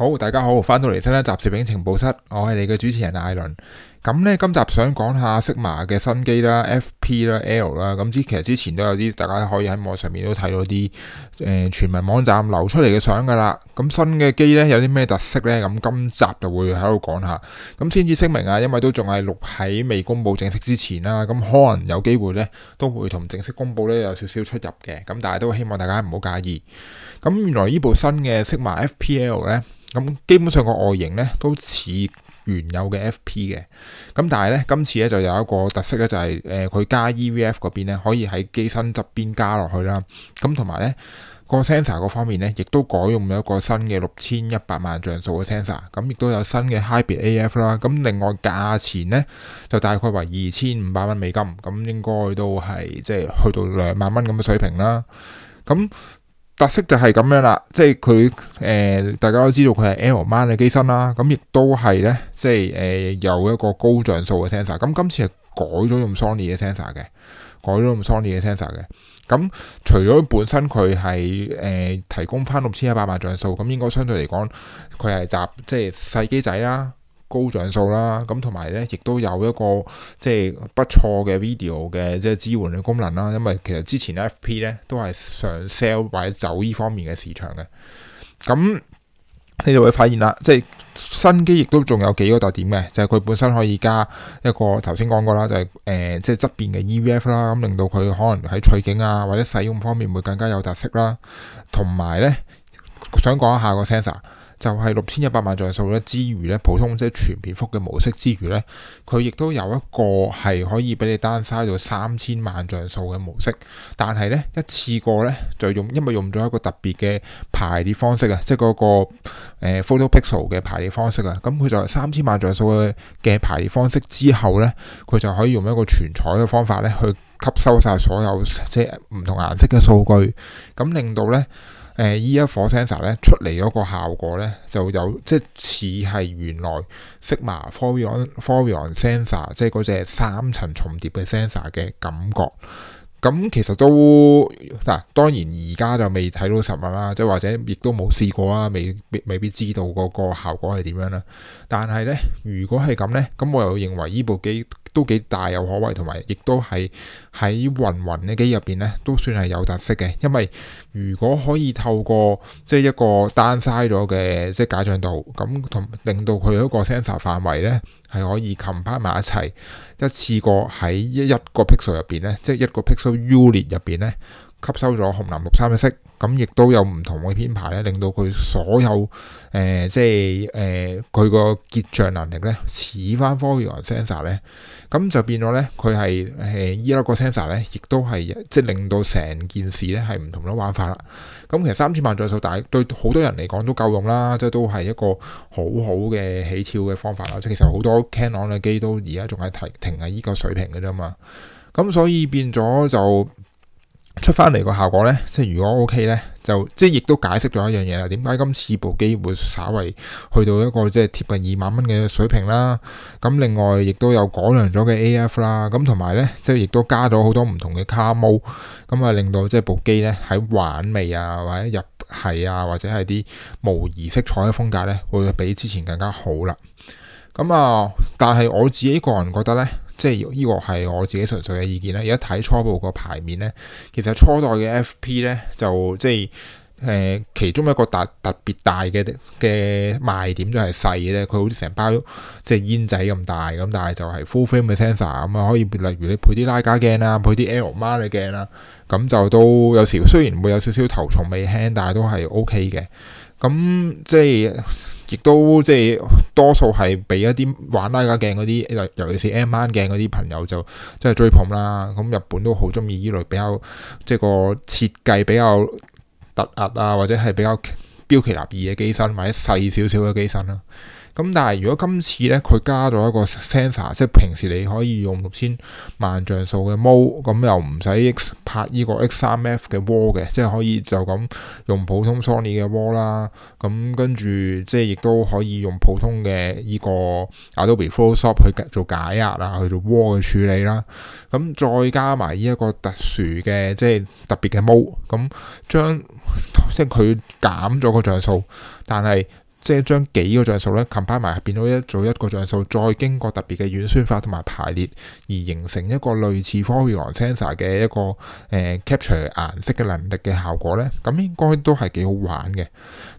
好，大家好，返到嚟新一集攝影情報室，我係你嘅主持人艾倫。咁呢，今集想講下色麻嘅新機啦，F P 啦，L 啦，咁之其實之前都有啲，大家可以喺網上面都睇到啲誒，呃、傳媒網站流出嚟嘅相噶啦。咁新嘅機呢，有啲咩特色呢？咁今集就會喺度講下。咁先至聲明啊，因為都仲係錄喺未公布正式之前啦。咁可能有機會呢，都會同正式公布呢有少少出入嘅。咁但係都希望大家唔好介意。咁原來呢部新嘅色麻 F P L 呢，咁基本上個外形呢，都似原有嘅 FP 嘅，咁但係咧今次咧，就有一個特色咧，就係誒佢加 EVF 嗰邊咧，可以喺機身側邊加落去啦，咁同埋咧，個 sensor 嗰方面咧，亦都改用咗一個新嘅六千一百萬像素嘅 sensor，咁亦都有新嘅 Hybrid AF 啦，咁另外價錢咧，就大概為二千五百蚊美金，咁應該都係即係去到兩萬蚊咁嘅水平啦，咁。特色就係咁樣啦，即係佢誒大家都知道佢係 L o 碼嘅機身啦，咁亦都係咧，即係誒、呃、有一個高像素嘅 sensor，咁今次係改咗用 Sony 嘅 sensor 嘅，改咗用 Sony 嘅 sensor 嘅，咁除咗本身佢係誒提供翻六千一百萬像素，咁應該相對嚟講佢係集即係細機仔啦。高像素啦，咁同埋咧，亦都有一個即係不錯嘅 video 嘅即係支援嘅功能啦。因為其實之前 FP 咧都係想 sell 或者走呢方面嘅市場嘅。咁你就會發現啦，即係新機亦都仲有幾個特點嘅，就係、是、佢本身可以加一個頭先講過啦，就係、是、誒、呃、即係側邊嘅 EVF 啦，咁、嗯、令到佢可能喺取景啊或者使用方面會更加有特色啦。同埋咧，想講一下個 sensor。就係六千一百萬像素咧，之餘咧普通即係全片幅嘅模式之餘咧，佢亦都有一個係可以俾你單曬到三千萬像素嘅模式，但係咧一次過咧就用，因為用咗一個特別嘅排列方式啊，即係嗰、那個、呃、Photo Pixel 嘅排列方式啊，咁、嗯、佢就係三千萬像素嘅嘅排列方式之後咧，佢就可以用一個全彩嘅方法咧去吸收晒所有即係唔同顏色嘅數據，咁、嗯、令到咧。誒依、呃 e、一火 sensor 咧出嚟嗰個效果咧就有即係似係原來 Sigma Foveon Foveon sensor 即係嗰隻三層重疊嘅 sensor 嘅感覺咁、嗯，其實都嗱、啊、當然而家就未睇到實物啦，即係或者亦都冇試過啊，未未，未必知道嗰個效果係點樣啦。但係咧，如果係咁咧，咁我又認為依部機。都幾大有可為，同埋亦都係喺雲雲嘅機入邊咧，都算係有特色嘅。因為如果可以透過即係一個 down size 咗嘅即係解像度，咁同令到佢個 sensor 範圍咧，係可以冚返埋一齊，一次過喺一一個 pixel 入邊咧，即係一個 pixel unit 入邊咧。吸收咗紅藍綠三色，咁亦都有唔同嘅編排咧，令到佢所有誒、呃、即係誒佢個結像能力咧似翻 Foveon sensor 咧，咁就變咗咧佢係誒依一個 sensor 咧，亦都係即係令到成件事咧係唔同咗玩法啦。咁其實三千萬像素但係對好多人嚟講都夠用啦，即係都係一個好好嘅起跳嘅方法啦。即係其實好多 Canon 嘅機都而家仲係停停喺依個水平嘅啫嘛。咁所以變咗就。出翻嚟個效果咧，即係如果 OK 咧，就即係亦都解釋咗一樣嘢啦。點解今次部機會稍為去到一個即係貼近二萬蚊嘅水平啦？咁另外亦都有改良咗嘅 AF 啦，咁同埋咧即係亦都加咗好多唔同嘅卡模，咁啊令到即係部機咧喺玩味啊或者入系啊或者係啲模擬色彩嘅風格咧，會比之前更加好啦。咁啊，但係我自己個人覺得咧。即係呢個係我自己純粹嘅意見啦。而家睇初步個牌面咧，其實初代嘅 FP 咧就即係誒、呃，其中一個特特別大嘅嘅賣點就係細咧。佢好似成包即係煙仔咁大咁，但係就係 Full Frame Sensor 咁啊，可以例如你配啲拉架鏡啦、啊，配啲 L 馬嘅鏡啦，咁就都有時雖然會有少少頭重尾輕，但係都係 OK 嘅。咁即係。亦都即係多數係俾一啲玩拉架鏡嗰啲，尤其是 M 腕鏡嗰啲朋友就即係追捧啦。咁、嗯、日本都好中意依類比較即係個設計比較突兀啊，或者係比較標奇立異嘅機身，或者細少少嘅機身啦。咁但係如果今次咧，佢加咗一個 sensor，即係平時你可以用六千萬像素嘅模，咁又唔使拍呢個 X 三 F 嘅窩嘅，即係可以就咁用普通 Sony 嘅窩啦。咁跟住即係亦都可以用普通嘅呢個 Adobe Photoshop 去解做解壓啦，去做窩嘅處理啦。咁再加埋呢一個特殊嘅即係特別嘅模，咁將即係佢減咗個像素，但係。即係將幾個像素咧 combine 埋，變到一組一個像素，再經過特別嘅演算法同埋排列，而形成一個類似 Foveon sensor 嘅一個誒、呃、capture 顏色嘅能力嘅效果咧，咁應該都係幾好玩嘅。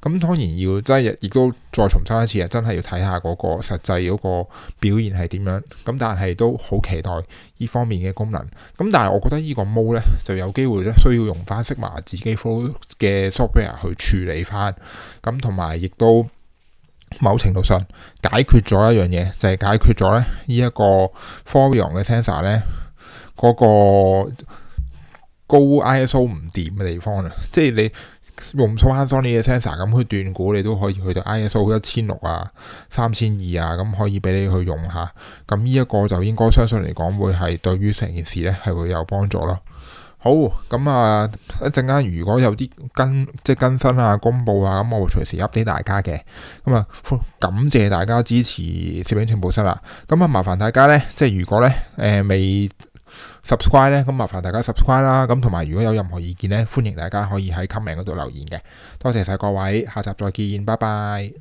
咁當然要即係亦都再重申一次，真係要睇下嗰個實際嗰個表現係點樣。咁但係都好期待呢方面嘅功能。咁但係我覺得呢個模咧就有機會咧需要用翻 Sigma 自己 flow 嘅 software 去處理翻。咁同埋亦都。某程度上解決咗一樣嘢，就係、是、解決咗咧呢一個 Foveon 嘅 sensor 咧嗰個高 ISO 唔掂嘅地方啦。即係你用翻 Sony 嘅 sensor，咁去斷估你都可以去到 ISO 一千六啊、三千二啊，咁可以俾你去用下。咁呢一個就應該相信嚟講，會係對於成件事咧係會有幫助咯。好，咁、嗯、啊，一陣間如果有啲跟即係更新啊、公布啊，咁、嗯、我會隨時 update 大家嘅。咁、嗯、啊，感謝大家支持攝影情報室啦。咁、嗯、啊，麻煩大家呢，即係如果呢誒、呃、未 subscribe 呢，咁麻煩大家 subscribe 啦。咁同埋如果有任何意見呢，歡迎大家可以喺 comment 嗰度留言嘅。多謝晒各位，下集再見，拜拜。